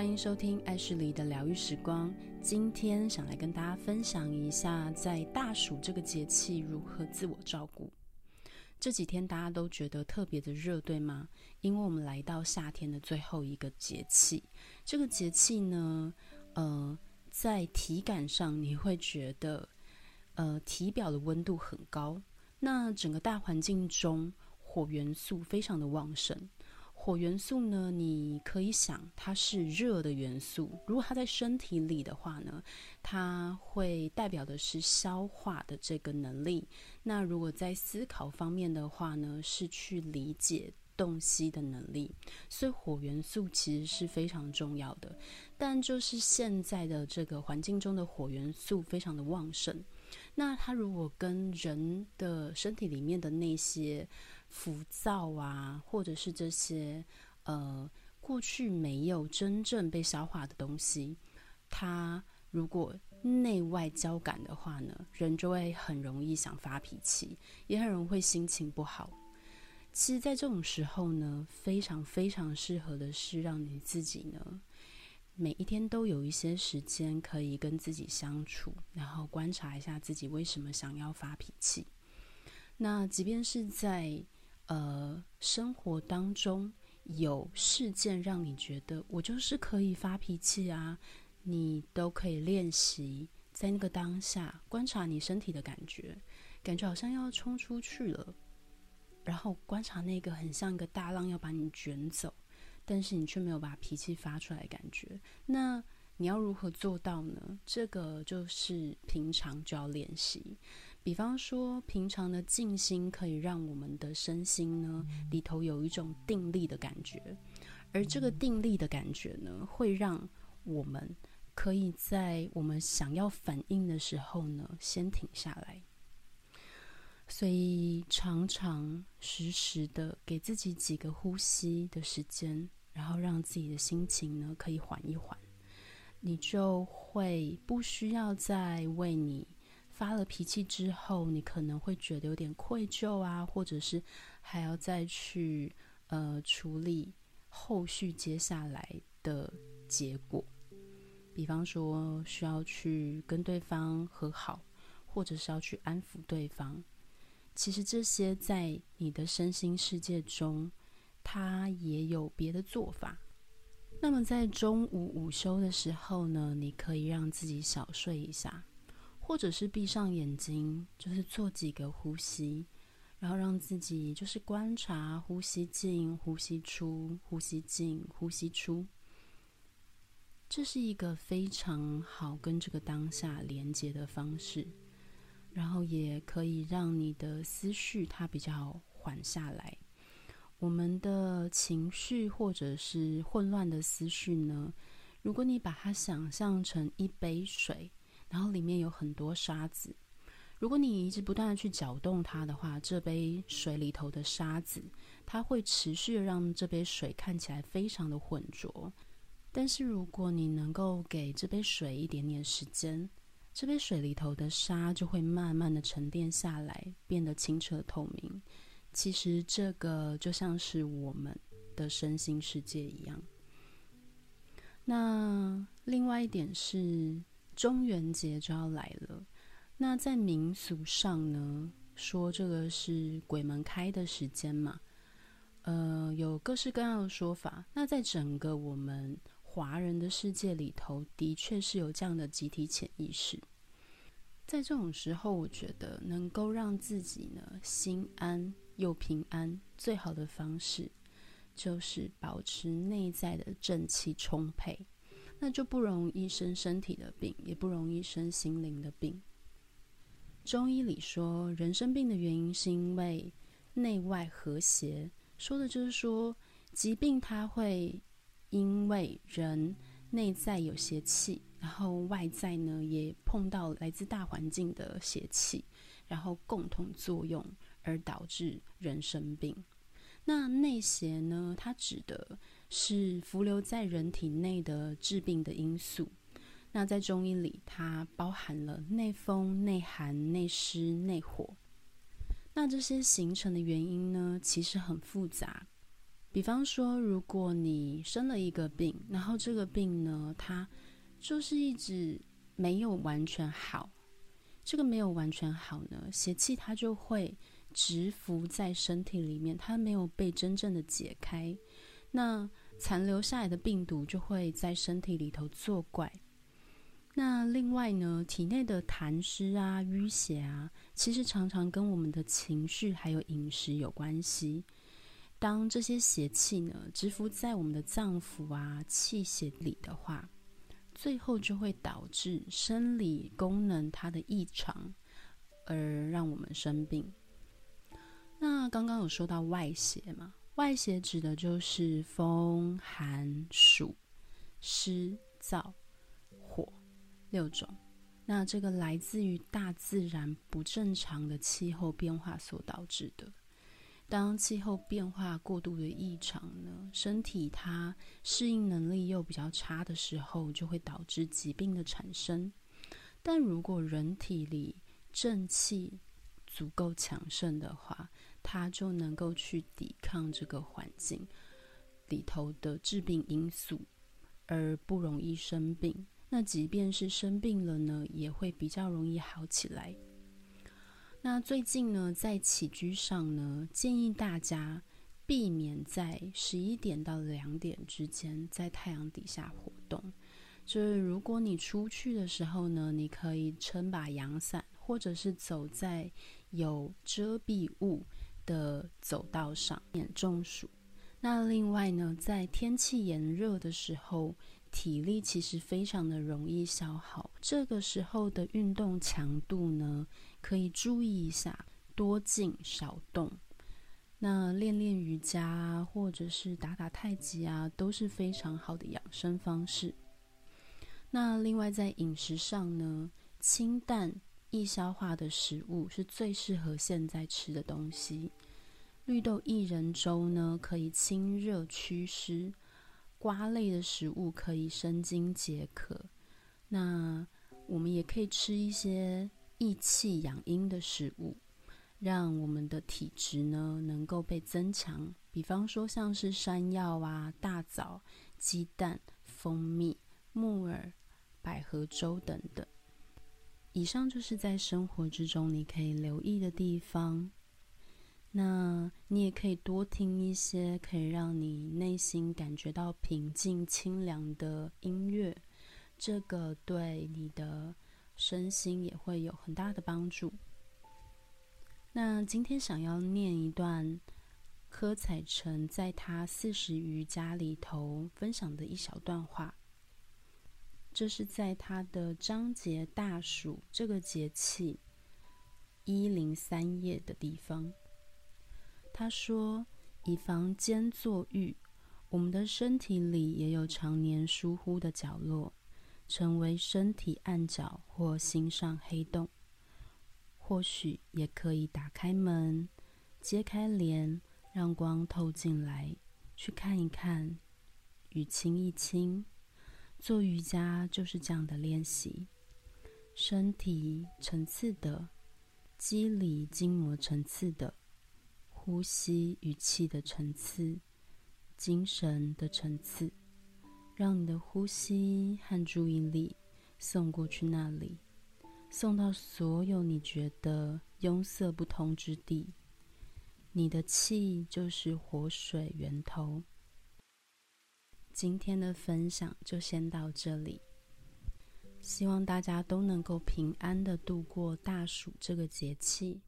歡迎收聽愛旭黎的療癒時光。今天想來跟大家分享一下，在大暑這個節氣如何自我照顧。這幾天大家都覺得特別的熱，對嗎？因為我們來到夏天的最後一個節氣，這個節氣呢，呃，在體感上你會覺得，呃，體表的溫度很高。那整個大環境中，火元素非常的旺盛。火元素呢，你可以想它是熱的元素。如果它在身體裡的話呢，它會代表的是消化的這個能力。那如果在思考方面的話呢，是去理解、洞悉的能力。所以火元素其實是非常重要的。但就是現在的這個環境中的火元素非常的旺盛。那它如果跟人的身體裡面的那些，浮躁啊，或者是這些呃過去沒有真正被消化的東西，它如果內外交感的話呢，人就會很容易想發脾氣，也很容易會心情不好。其實，在這種時候呢，非常非常適合的是，讓你自己呢每一天都有一些時間可以跟自己相處，然後觀察一下自己為什麼想要發脾氣。那即便是在呃，生活當中有事件讓你覺得我就是可以發脾氣啊，你都可以練習在那個當下觀察你身體的感覺，感覺好像要衝出去了，然後觀察那個很像一個大浪要把你捲走，但是你卻沒有把脾氣發出來的感覺。那你要如何做到呢？這個就是平常就要練習。比方說，平常的靜心可以讓我們的身心呢裡頭有一種定力的感覺，而這個定力的感覺呢，會讓我們可以在我們想要反應的時候呢，先停下來。所以，常常時時的給自己幾個呼吸的時間，然後讓自己的心情呢可以緩一緩，你就會不需要再為你。發了脾氣之後，你可能會覺得有點愧疚啊，或者是還要再去呃處理後續接下來的結果。比方說，需要去跟對方和好，或者是要去安撫對方。其實這些在你的身心世界中，它也有別的做法。那麼在中午午休的時候呢，你可以讓自己小睡一下。或者是閉上眼睛，就是做幾個呼吸，然後讓自己就是觀察，呼吸進、呼吸出、呼吸進、呼吸出，這是一個非常好跟這個當下連接的方式，然後也可以讓你的思緒它比較緩下來。我們的情緒或者是混亂的思緒呢，如果你把它想象成一杯水。然後裡面有很多沙子，如果你一直不斷的去攪動它的話，這杯水裡頭的沙子，它會持續的讓這杯水看起來非常的渾濁。但是如果你能夠給這杯水一點點時間，這杯水裡頭的沙就會慢慢的沉澱下來，變得清澈透明。其實這個就像是我們的身心世界一樣。那另外一點是，中元節就要來了，那在民俗上呢，說這個是鬼門開的時間嘛，呃，有各式各樣的說法。那在整個我們華人的世界裡頭，的確是有這樣的集體潛意識。在這種時候，我覺得能夠讓自己呢，心安又平安，最好的方式就是保持內在的正氣充沛。那就不容易生身體的病，也不容易生心靈的病。中醫裡說，人生病的原因是因為內外和諧，說的就是說疾病它會因為人內在有邪氣，然後外在呢也碰到來自大環境的邪氣，然後共同作用而導致人生病。那內邪呢？它指的，是浮留在人體內的致病的因素。那在中醫裡，它包含了內風、內寒、內濕、內火。那這些形成的原因呢，其實很複雜。比方說，如果你生了一個病，然後這個病呢，它就是一直沒有完全好。這個沒有完全好呢，邪氣它就會直伏在身體裡面，它沒有被真正的解開。那殘留下來的病毒就會在身體裡頭作怪。那另外呢，體內的痰濕啊、淤血啊，其實常常跟我們的情緒還有飲食有關係。當這些邪氣呢，直伏在我們的臟腑啊、氣血裡的話，最後就會導致生理功能它的異常，而讓我們生病。那剛剛有說到外邪嘛？外邪指的就是風、寒、暑、濕、燥、火六種，那這個來自於大自然不正常的氣候變化所導致的。當氣候變化過度的異常呢，身體它適應能力又比較差的時候，就會導致疾病的產生。但如果人體裡正氣足夠強盛的話，他就能夠去抵抗這個環境裡頭的致病因素，而不容易生病。那即便是生病了呢，也會比較容易好起來。那最近呢，在起居上呢，建議大家避免在十一點到兩點之間在太陽底下活動。就是如果你出去的時候呢，你可以撐把陽傘，或者是走在有遮蔽物。的走道上，免中暑。那另外呢，在天氣炎熱的時候，體力其實非常的容易消耗。這個時候的運動強度呢，可以注意一下，多靜少動。那練練瑜伽啊，或者是打打太極啊，都是非常好的養生方式。那另外在飲食上呢，清淡，易消化的食物是最適合現在吃的東西。綠豆薏仁粥呢，可以清熱祛濕；瓜類的食物可以生津解渴。那我們也可以吃一些益氣養陰的食物，讓我們的體質呢能夠被增強。比方說，像是山藥啊、大棗、雞蛋、蜂蜜、木耳、百合粥等等。以上就是在生活之中你可以留意的地方，那你也可以多聽一些可以讓你內心感覺到平靜、清涼的音樂，這個對你的身心也會有很大的幫助。那今天想要念一段柯采岑在他四時瑜伽裡頭分享的一小段話。這是在他的章節“大暑”這個節氣一零三頁的地方。他說：“以房間作喻，我們的身體裡也有常年疏忽的角落，成為身體暗角或心上黑洞。或許也可以打開門，揭開簾，讓光透進來，去看一看，與清一清。”做瑜伽就是這樣的練習：身體層次的、肌理筋膜層次的、呼吸與氣的層次、精神的層次，讓你的呼吸和注意力送過去那裡，送到所有你覺得擁塞不通之地。你的氣就是活水源頭。今天的分享就先到這裡，希望大家都能夠平安的度過大暑這個節氣。